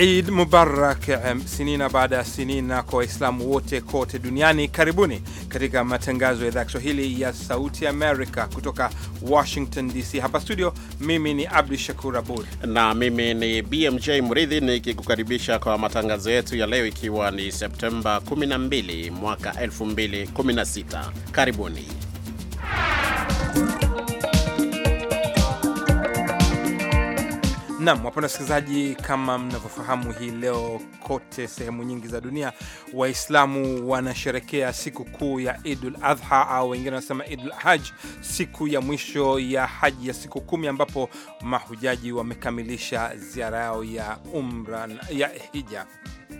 Eid Mubarak sinina baada ya sinina kwa Waislamu wote kote duniani. Karibuni katika matangazo ya idhaa Kiswahili ya Sauti Amerika kutoka Washington DC. Hapa studio, mimi ni Abdu Shakur Abud na mimi ni BMJ Mridhi nikikukaribisha kwa matangazo yetu ya leo, ikiwa ni Septemba 12 mwaka 2016. Karibuni Nam, wapenda wasikilizaji, kama mnavyofahamu, hii leo kote sehemu nyingi za dunia Waislamu wanasherekea siku kuu ya Idul Adha au wengine wanasema Idul Haj, siku ya mwisho ya haji ya siku kumi, ambapo mahujaji wamekamilisha ziara yao ya umra ya hija.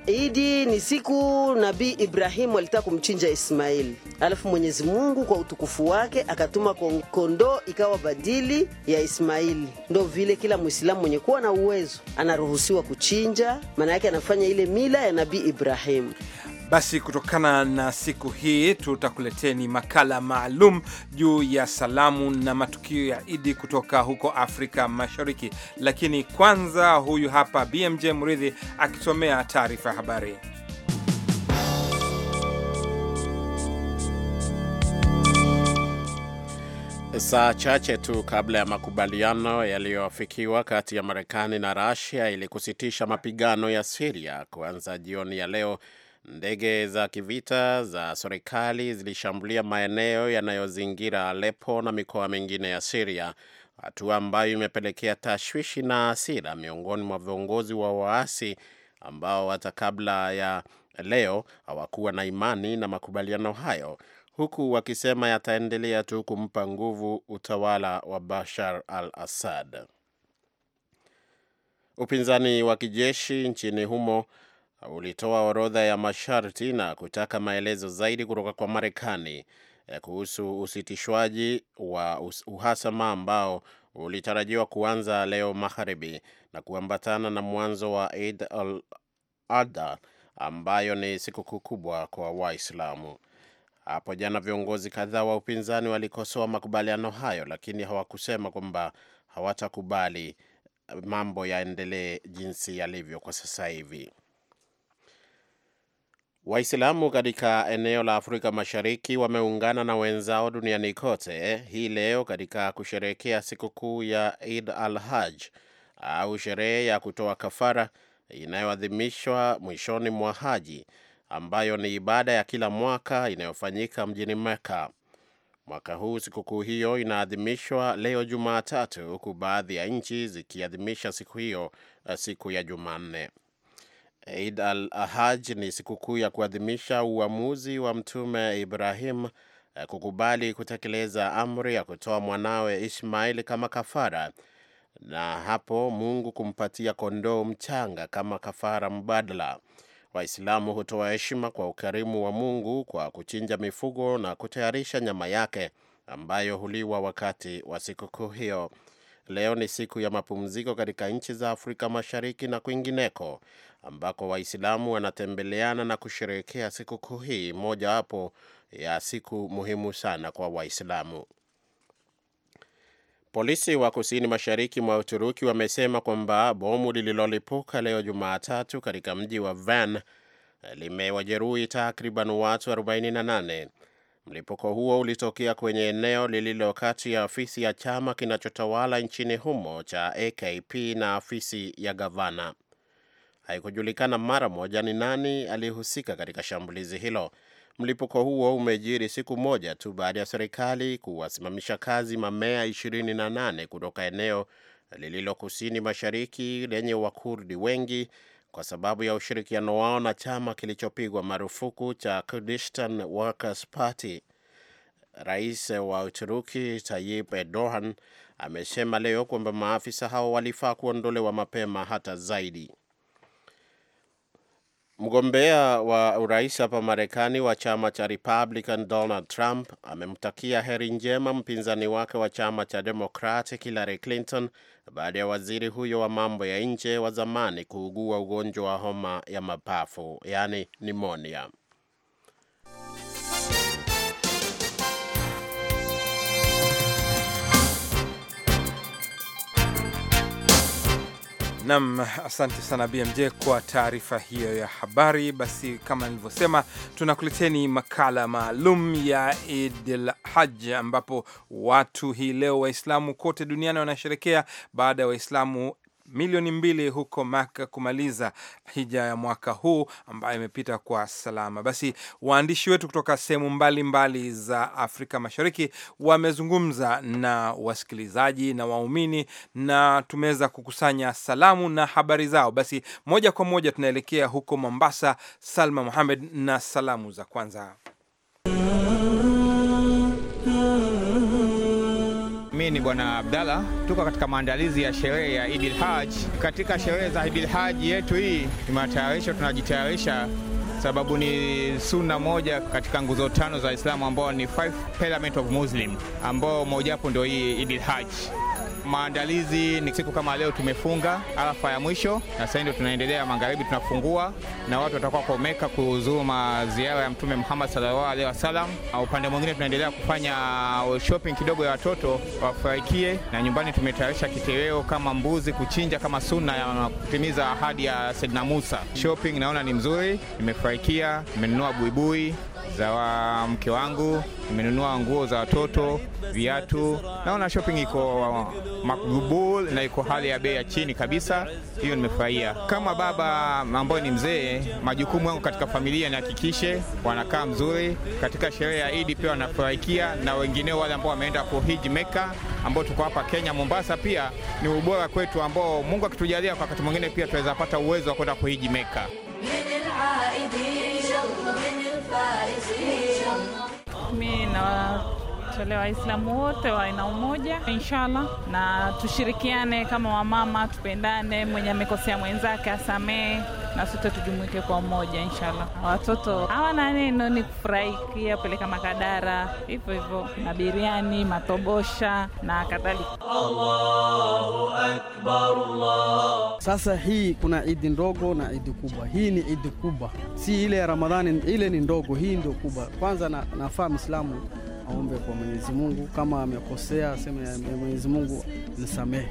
Idi ni siku Nabii Ibrahimu alitaka kumchinja Ismaili, alafu Mwenyezi Mungu kwa utukufu wake akatuma kondoo ikawa badili ya Ismaili. Ndo vile kila Mwislamu mwenye kuwa na uwezo anaruhusiwa kuchinja, maana yake anafanya ile mila ya Nabii Ibrahimu. Basi kutokana na siku hii tutakuleteni makala maalum juu ya salamu na matukio ya Idi kutoka huko Afrika Mashariki, lakini kwanza, huyu hapa BMJ Mridhi akisomea taarifa ya habari. Saa chache tu kabla ya makubaliano yaliyoafikiwa kati ya Marekani na Russia ili kusitisha mapigano ya Syria kuanza jioni ya leo Ndege za kivita za serikali zilishambulia maeneo yanayozingira alepo na mikoa mingine ya siria hatua ambayo imepelekea tashwishi na hasira miongoni mwa viongozi wa waasi ambao hata kabla ya leo hawakuwa na imani na makubaliano hayo, huku wakisema yataendelea tu kumpa nguvu utawala wa Bashar al-Assad. Upinzani wa kijeshi nchini humo ulitoa orodha ya masharti na kutaka maelezo zaidi kutoka kwa Marekani eh, kuhusu usitishwaji wa uhasama ambao ulitarajiwa kuanza leo magharibi na kuambatana na mwanzo wa Eid al-Adha ambayo ni sikukuu kubwa kwa Waislamu. Hapo jana viongozi kadhaa wa upinzani walikosoa makubaliano hayo, lakini hawakusema kwamba hawatakubali eh, mambo yaendelee jinsi yalivyo kwa sasa hivi. Waislamu katika eneo la Afrika Mashariki wameungana na wenzao duniani kote hii leo katika kusherehekea sikukuu ya id al haj au sherehe ya kutoa kafara inayoadhimishwa mwishoni mwa haji ambayo ni ibada ya kila mwaka inayofanyika mjini Mecca. Mwaka huu sikukuu hiyo inaadhimishwa leo Jumatatu, huku baadhi ya nchi zikiadhimisha siku hiyo eh, siku ya Jumanne. Eid al ahaj ni sikukuu ya kuadhimisha uamuzi wa Mtume Ibrahim eh, kukubali kutekeleza amri ya kutoa mwanawe ismail kama kafara na hapo Mungu kumpatia kondoo mchanga kama kafara mbadala. Waislamu hutoa heshima kwa ukarimu wa Mungu kwa kuchinja mifugo na kutayarisha nyama yake ambayo huliwa wakati wa sikukuu hiyo. Leo ni siku ya mapumziko katika nchi za Afrika Mashariki na kwingineko ambako Waislamu wanatembeleana na kusherehekea sikukuu hii, mojawapo ya siku muhimu sana kwa Waislamu. Polisi wa kusini mashariki mwa Uturuki wamesema kwamba bomu lililolipuka leo Jumatatu katika mji wa Van eh, limewajeruhi takriban watu 48. Mlipuko huo ulitokea kwenye eneo lililo kati ya ofisi ya chama kinachotawala nchini humo cha AKP na ofisi ya gavana. Haikujulikana mara moja ni nani aliyehusika katika shambulizi hilo. Mlipuko huo umejiri siku moja tu baada ya serikali kuwasimamisha kazi mamea 28 kutoka eneo lililo kusini mashariki lenye Wakurdi wengi kwa sababu ya ushirikiano wao na chama kilichopigwa marufuku cha Kurdistan Workers Party. Rais wa Uturuki Tayyip Erdogan amesema leo kwamba maafisa hao walifaa kuondolewa mapema hata zaidi. Mgombea wa urais hapa Marekani wa chama cha Republican Donald Trump amemtakia heri njema mpinzani wake wa chama cha Democratic Hillary Clinton baada ya waziri huyo wa mambo ya nje wa zamani kuugua ugonjwa wa homa ya mapafu, yaani nimonia. Nam, asante sana BMJ kwa taarifa hiyo ya habari. Basi kama nilivyosema, tunakuleteni makala maalum ya Idil Haj ambapo watu hii leo Waislamu kote duniani wanasherekea baada ya Waislamu milioni mbili huko Maka kumaliza hija ya mwaka huu ambayo imepita kwa salama. Basi waandishi wetu kutoka sehemu mbalimbali za Afrika Mashariki wamezungumza na wasikilizaji na waumini na tumeweza kukusanya salamu na habari zao. Basi moja kwa moja tunaelekea huko Mombasa. Salma muhamed na salamu za kwanza. mimi ni Bwana Abdalla. Tuko katika maandalizi ya sherehe ya Idil Haj. Katika sherehe za Idil Haj yetu hii, matayarisho tunajitayarisha sababu ni sunna moja katika nguzo tano za Islamu ambao ni five pillars of Muslim, ambao mojawapo ndio hii Idil Haj maandalizi ni siku kama leo tumefunga alafa ya mwisho, na sasa ndio tunaendelea magharibi, tunafungua na watu watakuwa kwa Meka kuzuma ziara ya Mtume Muhammad sallallahu alaihi wasallam. Upande mwingine tunaendelea kufanya shopping kidogo ya watoto wafurahikie, na nyumbani tumetayarisha kitereo kama mbuzi kuchinja kama sunna ya kutimiza ahadi ya Saidina Musa. Shopping naona ni mzuri, nimefurahikia, nimenunua buibui za wa mke wangu, nimenunua nguo za watoto, viatu. Naona shopping iko makbul na iko hali ya bei ya chini kabisa, hiyo nimefurahia. Kama baba ambaye ni mzee, majukumu yangu katika familia nihakikishe wanakaa mzuri. Katika sherehe ya Idi pia wanafurahikia, na wengineo wale ambao wameenda for Hiji Mecca, ambao tuko hapa Kenya Mombasa, pia ni ubora kwetu, ambao Mungu akitujalia kwa wakati mwingine pia tunaweza pata uwezo wa kwenda kuhiji Mecca. Mi nawatolea Waislamu wote wa aina umoja, inshallah, na tushirikiane kama wamama, tupendane, mwenye amekosea mwenzake asamehe na sote tujumuike kwa moja inshallah. Watoto hawana neno, ni kufurahikia peleka makadara hivyo hivyo na biriani, matobosha na kadhalika. Allahu akbar Allah. Sasa hii kuna idi ndogo na idi kubwa. Hii ni idi kubwa, si ile ya Ramadhani, ile ni ndogo, hii ndio kubwa. Kwanza na, nafaa mislamu aombe kwa Mwenyezi Mungu, kama amekosea aseme Mwenyezi Mungu nisamehe,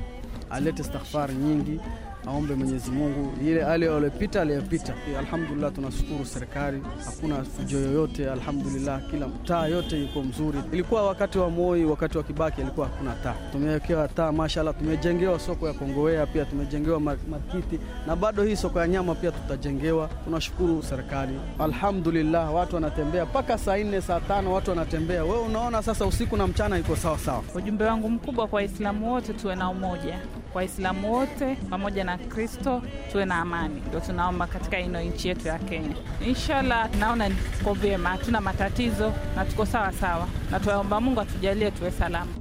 alete istighfar nyingi aombe Mwenyezi Mungu ile hali aliyopita aliyopita. Alhamdulillah, tunashukuru serikali, hakuna fujo yoyote. Alhamdulillah, kila mtaa yote yuko mzuri. Ilikuwa wakati wa Moi, wakati wa Kibaki alikuwa hakuna taa, tumewekewa taa mashallah. Tumejengewa soko ya Kongowea, pia tumejengewa markiti, na bado hii soko ya nyama pia tutajengewa. Tunashukuru serikali, alhamdulillah. Watu wanatembea mpaka saa nne saa tano watu wanatembea. Wewe unaona sasa, usiku na mchana iko sawa sawa. Ujumbe wangu mkubwa kwa Waislamu wote, tuwe na umoja. Waislamu wote pamoja na Kristo tuwe na amani, ndio tunaomba katika ino nchi yetu ya Kenya. Inshallah, naona niko vyema, hatuna matatizo na tuko sawa sawa, na tuwaomba Mungu atujalie tuwe salama.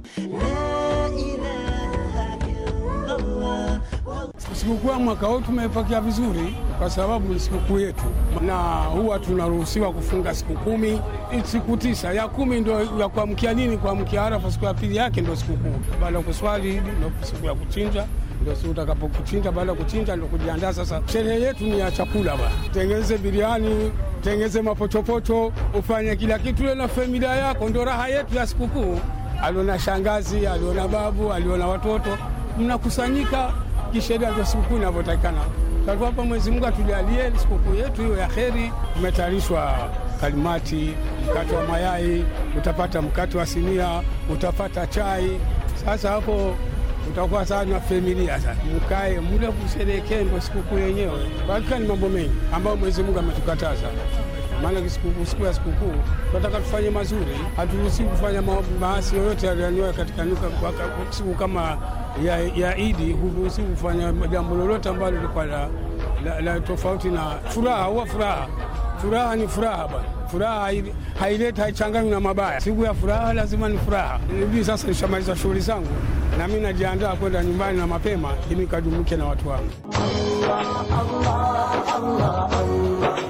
Sikukuu mwaka huu tumepokea vizuri kwa sababu ni sikukuu yetu, na huwa tunaruhusiwa kufunga siku kumi, siku tisa. Ya kumi ndio ya kuamkia nini, kuamkia Arafa, siku ya pili yake ndio sikukuu. Baada ya kuswali ndio siku ya kuchinja ndio siku utakapokuchinja. Baada ya kuchinja ndio kujiandaa sasa. Sherehe yetu ni ya chakula ba, tengeze biriani, tengeze mapochopocho, ufanye kila kitu na familia yako. Ndio raha yetu ya sikukuu. Aliona shangazi, aliona babu, aliona watoto, mnakusanyika kisheria ndio sikukuu inavyotakikana. Hapa Mwenyezi Mungu atujalie sikukuu yetu hiyo ya kheri. Umetayarishwa kalimati, mkate wa mayai, utapata mkate wa sinia, utapata chai. Sasa hapo utakuwa sawa na familia, sasa mkae mle kusherekee ndio sikukuu yenyewe. Kwa hakika ni mambo mengi ambayo Mwenyezi Mungu ametukataza maana siku ya sikukuu tunataka tufanye mazuri, haturuhusi kufanya maasi yoyote yalianiwa katika siku kama ya, ya Idi, huruhusi kufanya jambo lolote ambalo lilikuwa la, la, la tofauti na furaha. Huwa furaha furaha ni furaha bwana furaha haileti haichanganywi na mabaya. Siku ya furaha lazima ni furaha. Hivi sasa nishamaliza shughuli zangu, na mimi najiandaa kwenda nyumbani na mapema, ili nikajumuike na watu wangu. Allah, Allah, Allah, Allah.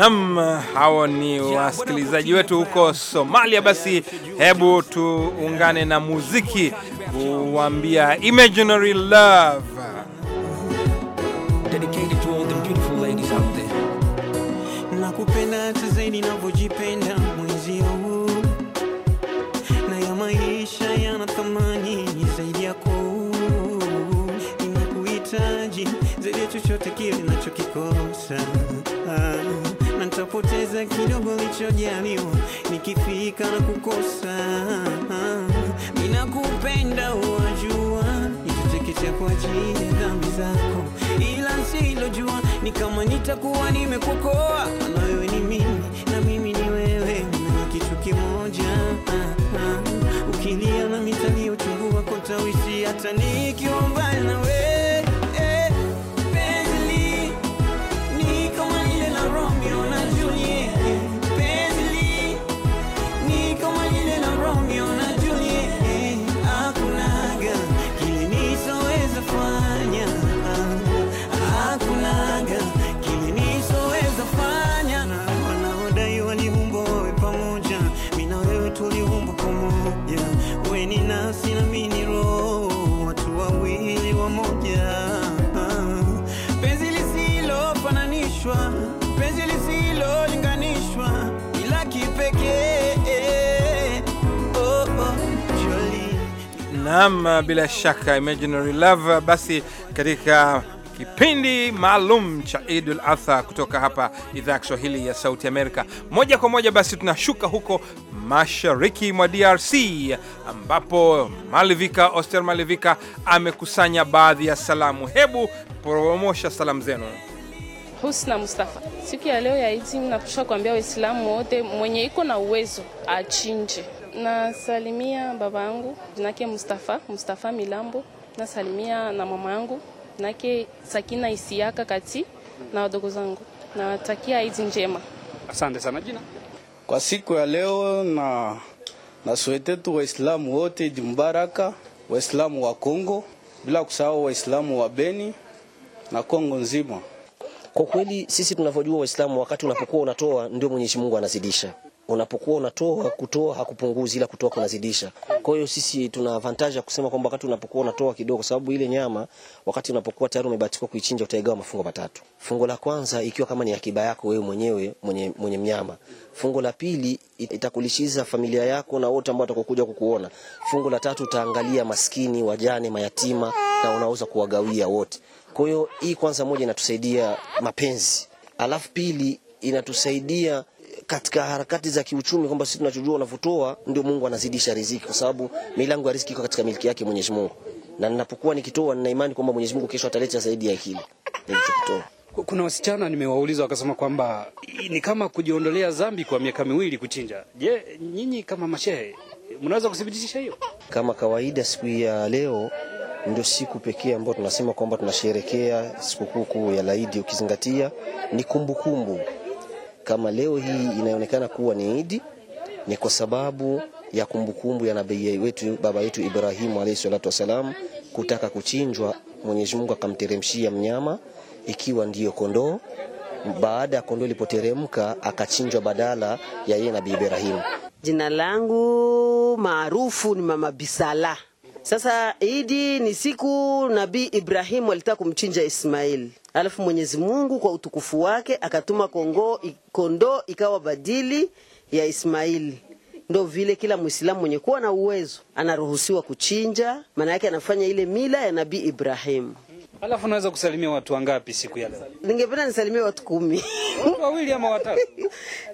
Nam, hawa ni wasikilizaji wetu huko Somalia. Basi hebu tuungane na muziki kuambia Imaginary Love dedicated to all the beautiful ladies out there. Nakupenda hata zaidi navyojipenda mwenzio na ya maisha yana thamani zaidi yako, ninakuhitaji zaidi ya chochote kile ninachokikosa nitapoteza kidogo lichojaliwa, nikifika na kukosa. Ninakupenda wajua, nitachekecha kwa ajili ya dhambi zako, ila silojua ni kama nitakuwa nimekukoa Naam, bila shaka Imaginary Love. Basi katika kipindi maalum cha Idul Adha kutoka hapa idhaa ya Kiswahili ya Sauti Amerika, moja kwa moja basi tunashuka huko mashariki mwa DRC ambapo Malivika Oster Malivika amekusanya baadhi ya salamu. Hebu promosha salamu zenu. Husna Mustafa, siku ya leo ya Idi nakusha kuambia Waislamu wote mwenye iko na uwezo achinje Nasalimia baba yangu jinake Mustafa, Mustafa Milambo. Nasalimia na mama yangu jinake Sakina Isiaka Kati na wadogo zangu. Nawatakia hizi njema. Asante sana jina. Kwa siku ya leo na naswete tu Waislamu wote Idi Mubaraka, Waislamu wa Kongo bila kusahau Waislamu wa Beni na Kongo nzima. Kwa kweli sisi tunavyojua Waislamu, wakati unapokuwa unatoa ndio Mwenyezi Mungu anazidisha unapokuwa unatoa, kutoa hakupunguzi ila kutoa kunazidisha. Kwa hiyo sisi tuna advantage ya kusema kwamba wakati unapokuwa unatoa kidogo, sababu ile nyama wakati unapokuwa tayari umebatikwa kuichinja utaigawa mafungo matatu. Fungo la kwanza ikiwa kama ni akiba yako wewe mwenyewe mwenye, mwenye mnyama. Fungo la pili itakulishiza familia yako na wote ambao watakokuja kukuona. Fungo la tatu utaangalia maskini, wajane, mayatima na unaweza kuwagawia wote. Kwa hiyo hii kwanza moja inatusaidia mapenzi, alafu pili inatusaidia katika harakati za kiuchumi kwamba sisi tunachojua unavyotoa ndio Mungu anazidisha riziki, kwa sababu milango ya riziki iko katika miliki yake Mwenyezi Mungu, na ninapokuwa nikitoa, nina imani kwamba Mwenyezi Mungu kesho ataleta zaidi ya hili nilichotoa. Kuna wasichana nimewauliza wakasema kwamba ni kama kujiondolea dhambi kwa miaka miwili kuchinja. Je, nyinyi kama mashehe mnaweza kudhibitisha hiyo? Kama kawaida, siku ya leo ndio siku pekee ambayo tunasema kwamba tunasherekea sikukuu ya Laidi, ukizingatia ni kumbukumbu kumbu kama leo hii inaonekana kuwa ni Idi, ni kwa sababu ya kumbukumbu ya nabii wetu baba yetu Ibrahimu alayhi salatu wasalam kutaka kuchinjwa. Mwenyezi Mungu akamteremshia mnyama ikiwa ndiyo kondoo. Baada ya kondoo ilipoteremka, akachinjwa badala ya yeye nabii Ibrahimu. Jina langu maarufu ni Mama Bisala. Sasa Idi ni siku nabii Ibrahimu alitaka kumchinja Ismail Alafu Mwenyezi Mungu kwa utukufu wake akatuma Kongo kondoo ikawa badili ya Ismaili. Ndo vile kila Muislamu mwenye kuwa na uwezo anaruhusiwa kuchinja, maana yake anafanya ile mila ya Nabii Ibrahimu. Alafu unaweza kusalimia watu wangapi siku ya leo? Ningependa nisalimie watu kumi. Watu wawili ama watatu.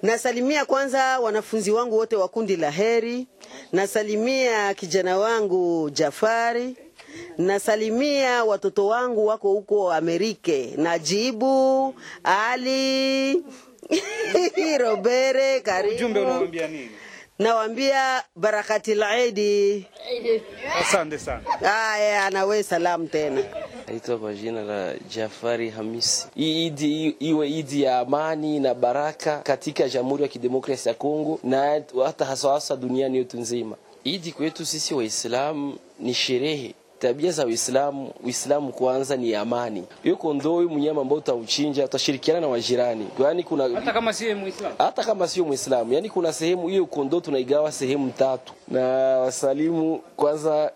Nasalimia kwanza wanafunzi wangu wote wa kundi la Heri. Nasalimia kijana wangu Jafari. Nasalimia watoto wangu wako huko Amerika, Najibu Ali Robere, karibu. Ujumbe unawaambia nini? Nawaambia barakati laidi. Asante sana. Aya, anawe salamu tena. Naitwa kwa jina la Jafari Hamisi. Hii idi iwe idi ya amani na baraka katika Jamhuri ya Kidemokrasia ya Kongo na hata hasa hasa duniani yote nzima. Idi kwetu sisi Waislamu ni sherehe tabia za Uislamu. Uislamu kwanza ni amani. Yuko ndoi mnyama ambao utauchinja, utashirikiana na wajirani, yaani kuna hata kama sio Muislamu, hata kama sio Muislamu, yaani kuna sehemu hiyo kondoo tunaigawa sehemu tatu. Na wasalimu kwanza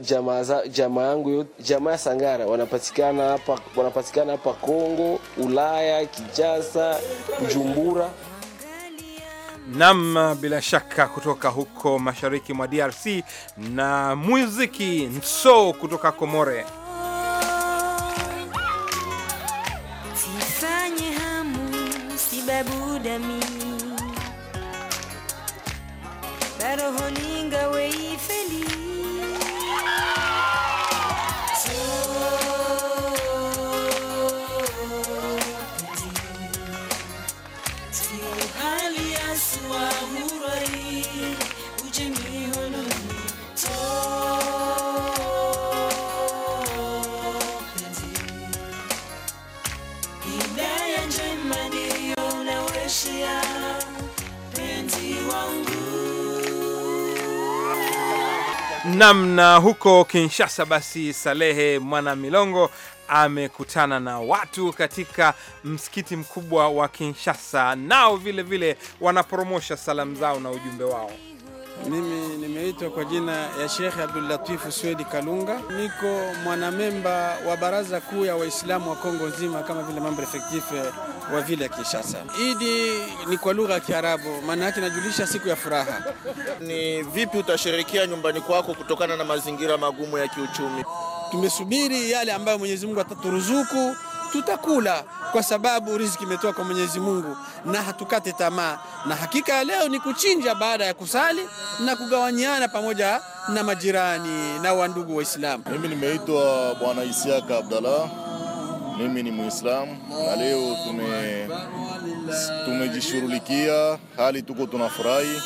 jamaa jamaa yangu jamaa Sangara wanapatikana hapa, wanapatikana hapa Kongo, Ulaya, Kinshasa, jumbura Nam, bila shaka kutoka huko mashariki mwa DRC na muziki nso kutoka Komore. Sifanye hamu sibabudami baroho ninga weifeli namna huko Kinshasa. Basi Salehe Mwana Milongo amekutana na watu katika msikiti mkubwa wa Kinshasa, nao vile vile wanapromosha salamu zao na ujumbe wao. Mimi nimeitwa kwa jina ya Sheikh Abdul Swedi Kalunga, niko mwanamemba wa baraza kuu ya Waislamu wa Kongo nzima, kama vile mambo effectif eh, wa vile ya Kinshasa. Idi ni kwa lugha ya Kiarabu, maana yake inajulisha siku ya furaha. Ni vipi utasherekea nyumbani kwako kutokana na mazingira magumu ya kiuchumi? Tumesubiri yale ambayo Mwenyezi Mungu ataturuzuku tutakula kwa sababu riziki imetoka kwa Mwenyezi Mungu, na hatukate tamaa. Na hakika ya leo ni kuchinja baada ya kusali na kugawanyiana pamoja na majirani na wandugu Waislamu. Mimi nimeitwa Bwana Isiaka Abdallah mimi ni Muislamu na leo tume tumejishughulikia hali, tuko tunafurahi,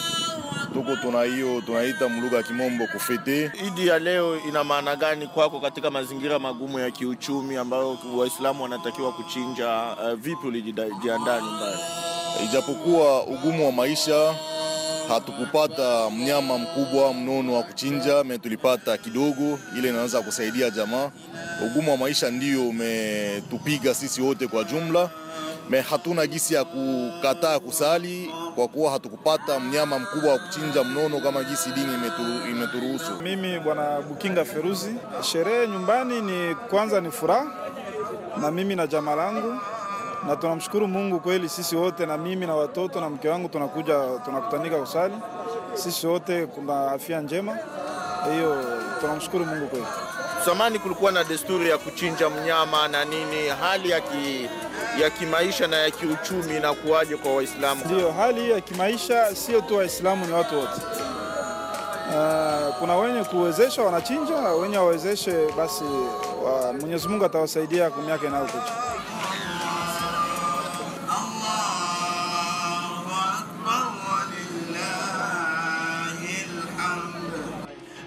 tuko tuna hiyo tunaita mlugha ya kimombo kufiti. Idi ya leo ina maana gani kwako katika mazingira magumu ya kiuchumi ambayo Waislamu wanatakiwa kuchinja? Uh, vipi ulijiandaa nyumbani? Ijapokuwa ugumu wa maisha hatukupata mnyama mkubwa mnono wa kuchinja, me tulipata kidogo, ile inaweza kusaidia jamaa. Ugumu wa maisha ndiyo umetupiga sisi wote kwa jumla, me hatuna gisi ya kukataa kusali kwa kuwa hatukupata mnyama mkubwa wa kuchinja mnono kama gisi dini imeturuhusu. Mimi bwana Bukinga Feruzi, sherehe nyumbani ni kwanza ni furaha na mimi na jamaa langu na tunamshukuru Mungu kweli, sisi wote na mimi na watoto na mke wangu tunakuja tunakutanika kusali, sisi wote kuna afya njema, hiyo tunamshukuru Mungu kweli. Zamani kulikuwa na desturi ya kuchinja mnyama na nini, hali ya ki ya kimaisha na ya kiuchumi na kwa Waislamu? Ndio, hali ya kimaisha sio tu Waislamu, ni watu wote. Uh, kuna wenye kuwezesha wanachinja, wenye wawezeshe, basi wa, Mwenyezi Mungu atawasaidia kwa miaka inayokuja.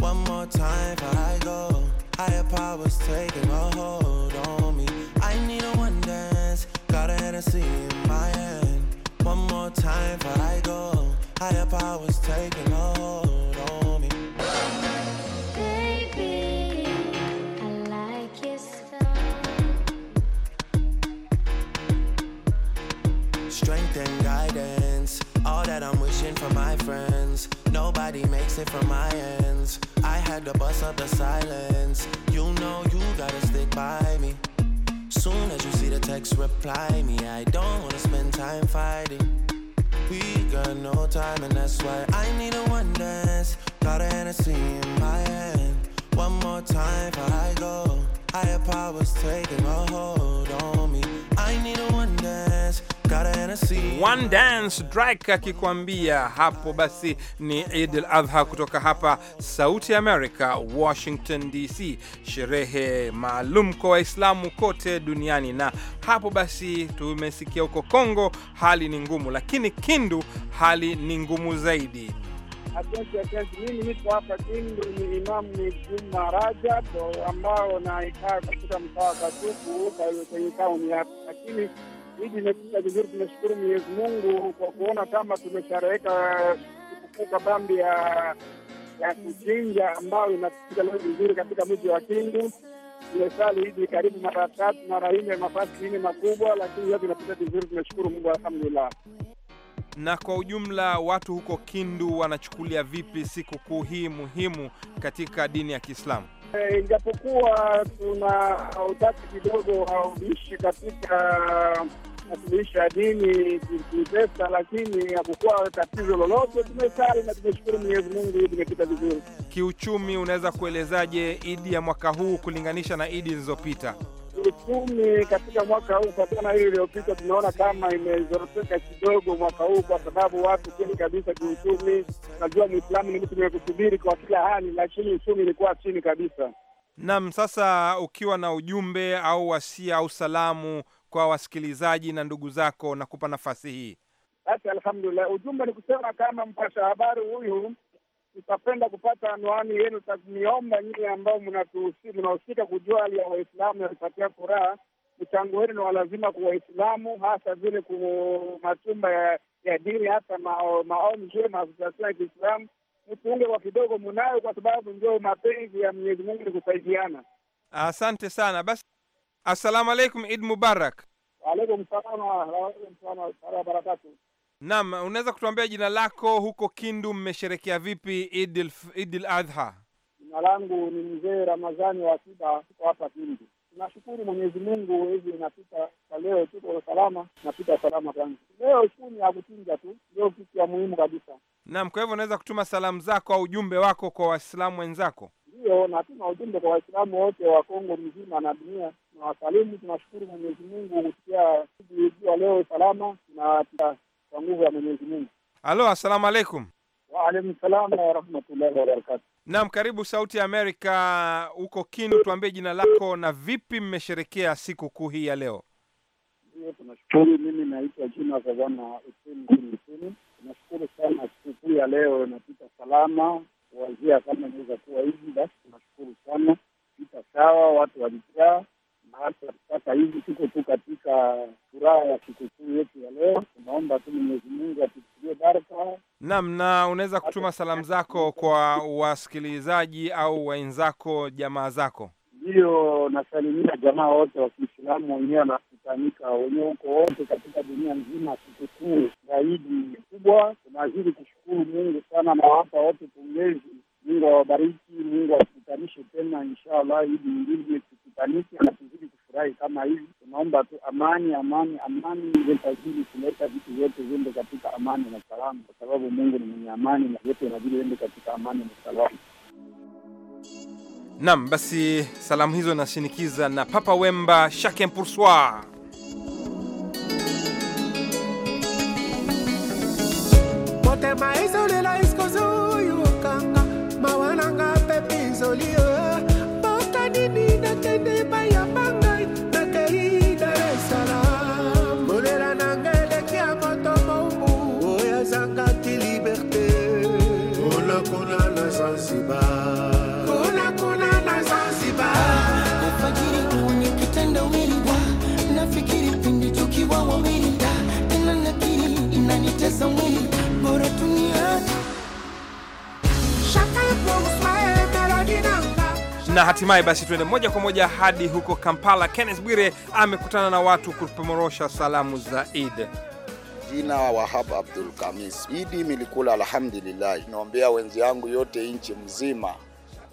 One more time before I go. Higher powers taking a hold on me. I need a one dance. Got a Hennessy in my hand. One more time before I go. Higher powers taking a hold on me. Baby, I like your style. Strength and guidance, all that I'm wishing for my friends. Nobody makes it from my end to bust up the silence. You know you gotta stick by me. Soon as you see the text, reply me. I don't wanna spend time fighting. We got no time, and that's why I need a one dance. Got a Hennessy in my hand. One more time before I go. Higher powers taking a hold on me. I need a one dance. One Dance Drake akikwambia hapo. Basi ni Eid al-Adha kutoka hapa Sauti America, Washington DC, sherehe maalum kwa Waislamu kote duniani. Na hapo basi tumesikia huko Kongo hali ni ngumu, lakini Kindu hali ni ngumu zaidi. Asante, asante. Mimi niko hapa Kindu, ni Imamu ni Juma Rajab ambao naikaa katika mtaa wa Kasuku kwenye tauni hapa lakini hivi imepita vizuri, tumeshukuru Mwenyezi Mungu kwa kuona kama tumeshareheka sikukuu kabambi ya ya kuchinja ambayo inapita leo vizuri katika mji wa Kindu. Tumesali hivi karibu mara tatu mara nne mafasi nne makubwa, lakini yote inapita vizuri, tumeshukuru Mungu alhamdulillah. Na kwa ujumla watu huko Kindu wanachukulia vipi sikukuu hii muhimu katika dini ya Kiislamu? Eh, ijapokuwa e, tuna utatu kidogo hauishi katika masulishi ya dini pesa, lakini hakukuwa tatizo lolote. Tumesali na tumeshukuru Mwenyezi Mungu, tumepita vizuri. Kiuchumi, unaweza kuelezaje idi ya mwaka huu kulinganisha na idi zilizopita? uchumi katika mwaka huu kwa sana hili iliyopita tunaona kama imezoroteka kidogo mwaka huu, kwa sababu watu chini kabisa kiuchumi. Najua muislamu ni mtu mwenye kusubiri kwa kila hali, lakini uchumi ilikuwa chini kabisa. Naam, sasa ukiwa na ujumbe au wasia au salamu kwa wasikilizaji na ndugu zako, nakupa nafasi hii. Basi alhamdulillah, ujumbe ni kusema kama mpasha habari huyu tutapenda kupata anwani yenu, tazniomba nyinyi ambao mnahusika kujua hali ya Waislamu yalipatia furaha. Mchango wenu ni walazima kwa Waislamu, hasa vile matumba ya, ya dini, hasa maomjwe maasosiasia ya Kiislamu. Mtuunge kwa kidogo munayo, kwa sababu ndio mapenzi ya Mwenyezi Mungu ni kusaidiana. Asante sana. Basi, assalamu alaikum, Id Mubarak. Waalaikum salaam warahmatullahi wabarakatuh. Naam, unaweza kutuambia jina lako, huko Kindu mmesherekea vipi Idil, Idil Adha? Jina langu ni mzee Ramadhani wa Akiba, tuko hapa Kindu. Tunashukuru Mwenyezi Mungu, hivi inapita kwa leo, tuko salama, napita salama kwanza. Leo ni ya kuchinja tu ndio kitu ya muhimu kabisa. Naam, kwa hivyo unaweza kutuma salamu zako au ujumbe wako kwa Waislamu wenzako? Ndiyo, natuma ujumbe kwa Waislamu wote wa Kongo mzima na dunia na wasalimu. Tunashukuru Mwenyezi Mungu kusikia leo salama na kwa nguvu ya Mwenyezi Mungu. Halo, assalamu alaikum. Waalaikum salam wa barakatuh. Naam, karibu Sauti ya Amerika huko Kindu, tuambie jina lako na vipi mmesherekea sikukuu hii ya leo? Ndio, tunashukuru. Mimi naitwa Juma Kazana Useni Usini. Tunashukuru sana sikukuu ya leo inapita salama, wazia kama inaweza kuwa hivi, basi tunashukuru sana, pita sawa, watu walijaa maana sasa hivi tuko tu katika furaha ya sikukuu yetu ya leo. Tunaomba tu Mwenyezi Mungu atuchukulie baraka. Naam, na unaweza kutuma salamu zako kwa wasikilizaji au wenzako, jamaa zako? Ndiyo, nasalimia jamaa wote wa Kiislamu wenyewe wanakutanika wenyewe huko wote katika dunia nzima. Sikukuu zaidi kubwa, tunazidi kushukuru Mungu sana na wapa wote pongezi. Mungu awabariki, Mungu atukutanishe tena inshallah idi ingine tukutanike na rai kama hivi. Tunaomba tu amani, amani, amani tazidi kuleta vitu vyote viende katika amani na salama, kwa sababu Mungu ni mwenye amani na vyote inabidi viende katika amani na salama. Nam, basi salamu hizo nashinikiza na Papa Wemba Chacun pour soi. motema ezolela esikozoyokanga mawananga pepe ezolio na hatimaye basi tuende moja kwa moja hadi huko Kampala. kennes Bwire amekutana na watu kupomorosha salamu za Eid. Jina Wahab Abdul Kamis. Idi milikula alhamdulillah. Naombea wangu yote nchi mzima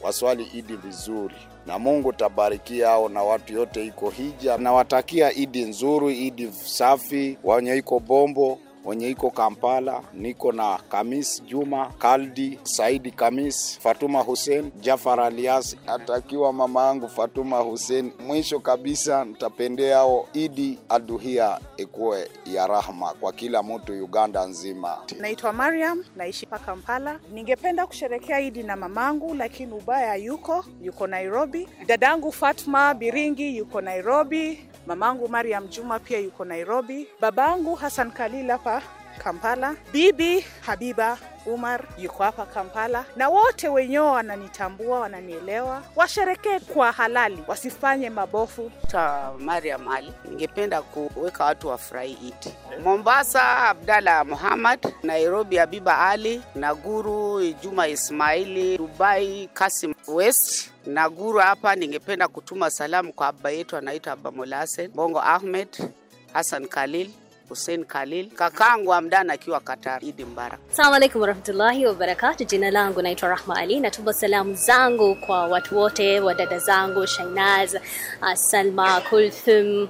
waswali idi vizuri, na Mungu tabarikia hao na watu yote iko hija. Nawatakia idi nzuri, idi safi, wanye iko bombo wenye iko Kampala, niko na Kamis Juma Kaldi, Saidi Kamis, Fatuma Hussein, Jafar Alias, atakiwa mama yangu Fatuma Hussein. Mwisho kabisa nitapendeao Idi Aduhia ikuwe ya rahma kwa kila mtu Uganda nzima. Naitwa Mariam, naishi pa Kampala. Ningependa kusherekea Idi na mamangu, lakini ubaya yuko yuko Nairobi. Dadangu Fatma Biringi yuko Nairobi. Mamangu Mariam Juma pia yuko Nairobi, babangu Hassan Kalila pa Kampala, Bibi Habiba Umar yuko hapa Kampala, na wote wenyewe wananitambua, wananielewa. Washerekee kwa halali, wasifanye mabofu. ta Maria Mali, ningependa kuweka watu wafurahi Idi. Mombasa, Abdalla Muhammad, Nairobi, Habiba Ali, Naguru, Juma Ismaili, Dubai, Kasim West na Guru hapa. Ningependa kutuma salamu kwa abba yetu anaitwa Abba Molasen, Bongo Ahmed, Hassan Khalil Hussein Khalil, kakangu Hamdan akiwa Qatar. Idi Mbarak. Asalamu alaykum warahmatullahi wabarakatuh. Jina langu naitwa Rahma Ali, natuma salamu zangu kwa watu wote wa dada zangu Shainaz, uh, Salma, Kulthum,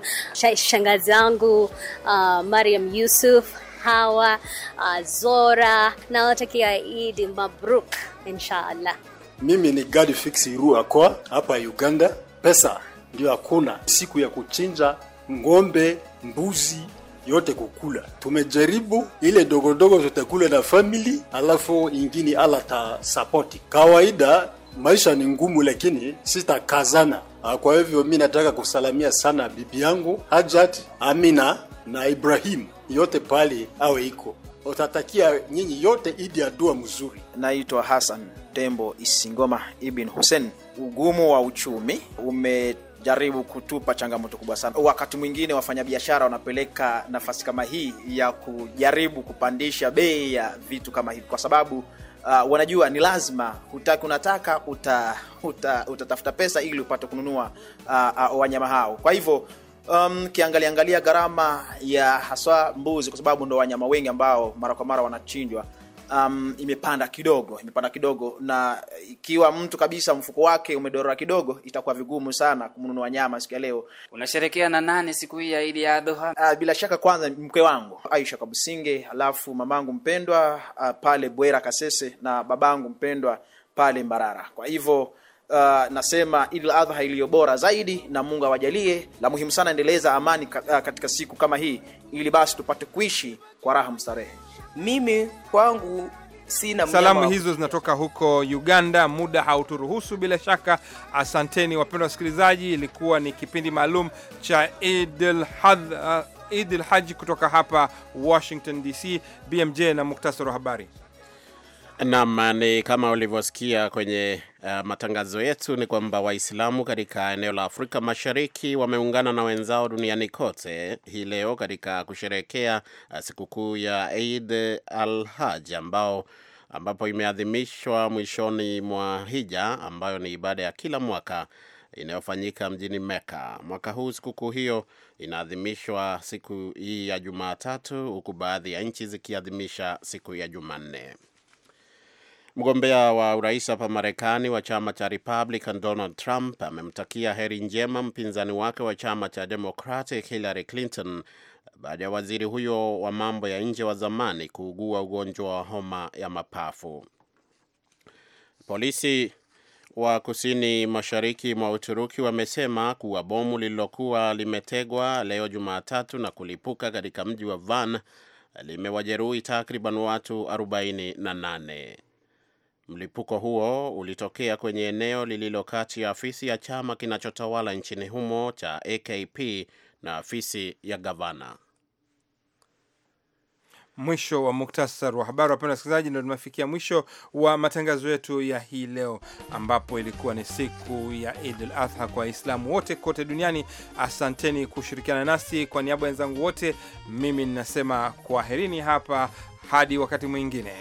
shangazi zangu uh, Mariam Yusuf Hawa, uh, Zora, nawatakia Idi Mabruk inshaallah. Mimi ni God Fix irua kwa hapa Uganda. Pesa ndio hakuna, siku ya kuchinja ng'ombe, mbuzi yote kukula. Tumejaribu ile dogodogo tutakula na famili alafu ingini ala ta support. Kawaida maisha ni ngumu, lakini sitakazana. Ah, kwa hivyo mi nataka kusalamia sana bibi yangu Hajat, Amina na Ibrahim, yote pale awe iko utatakia nyinyi yote idi ya dua mzuri. Naitwa Hassan Tembo Isingoma Ibn Hussein. Ugumu wa uchumi ume jaribu kutupa changamoto kubwa sana. Wakati mwingine wafanyabiashara wanapeleka nafasi kama hii ya kujaribu kupandisha bei ya vitu kama hivi, kwa sababu uh, wanajua ni lazima, hutaki unataka uta, uta, utatafuta pesa ili upate kununua uh, uh, wanyama hao. Kwa hivyo Um, kiangalia angalia gharama ya haswa mbuzi, kwa sababu ndo wanyama wengi ambao mara kwa mara wanachinjwa um, imepanda kidogo, imepanda kidogo, na ikiwa mtu kabisa mfuko wake umedorora kidogo, itakuwa vigumu sana kumnunua nyama siku ya leo. Unasherekea na nani siku hii ya Idi ya Adha? Uh, bila shaka kwanza mke wangu Aisha Kabusinge, alafu mamangu mpendwa uh, pale Bwera Kasese na babangu mpendwa pale Mbarara. Kwa hivyo Uh, nasema Idul Adha iliyo bora zaidi, na Mungu awajalie. La muhimu sana, endeleza amani katika siku kama hii, ili basi tupate kuishi kwa raha mstarehe mimi kwangu sina salamu Hizo zinatoka huko Uganda. Muda hauturuhusu bila shaka. Asanteni wapendwa wasikilizaji, ilikuwa ni kipindi maalum cha idl Adha uh, Idil Haji kutoka hapa Washington DC. BMJ na muktasari wa habari. Naam, ni kama ulivyosikia kwenye Eh, matangazo yetu ni kwamba Waislamu katika eneo la Afrika Mashariki wameungana na wenzao duniani kote hii leo katika kusherehekea eh, sikukuu ya Eid al haj ambao ambapo imeadhimishwa mwishoni mwa hija ambayo ni ibada ya kila mwaka inayofanyika mjini Meka. Mwaka huu sikukuu hiyo inaadhimishwa siku hii ya Jumatatu, huku baadhi ya nchi zikiadhimisha siku ya Jumanne. Mgombea wa urais hapa Marekani wa chama cha Republican Donald Trump amemtakia heri njema mpinzani wake wa chama cha Democratic Hillary Clinton baada ya waziri huyo wa mambo ya nje wa zamani kuugua ugonjwa wa homa ya mapafu. Polisi wa kusini mashariki mwa Uturuki wamesema kuwa bomu lililokuwa limetegwa leo Jumatatu na kulipuka katika mji wa Van limewajeruhi takriban watu 48. Mlipuko huo ulitokea kwenye eneo lililo kati ya afisi ya chama kinachotawala nchini humo cha AKP na afisi ya gavana. Mwisho wa muktasar wa habari. Wapenda wasikilizaji, ndio tumefikia mwisho wa matangazo yetu ya hii leo, ambapo ilikuwa ni siku ya Idul Adha kwa Waislamu wote kote duniani. Asanteni kushirikiana nasi. Kwa niaba ya wenzangu wote, mimi ninasema kwaherini hapa hadi wakati mwingine.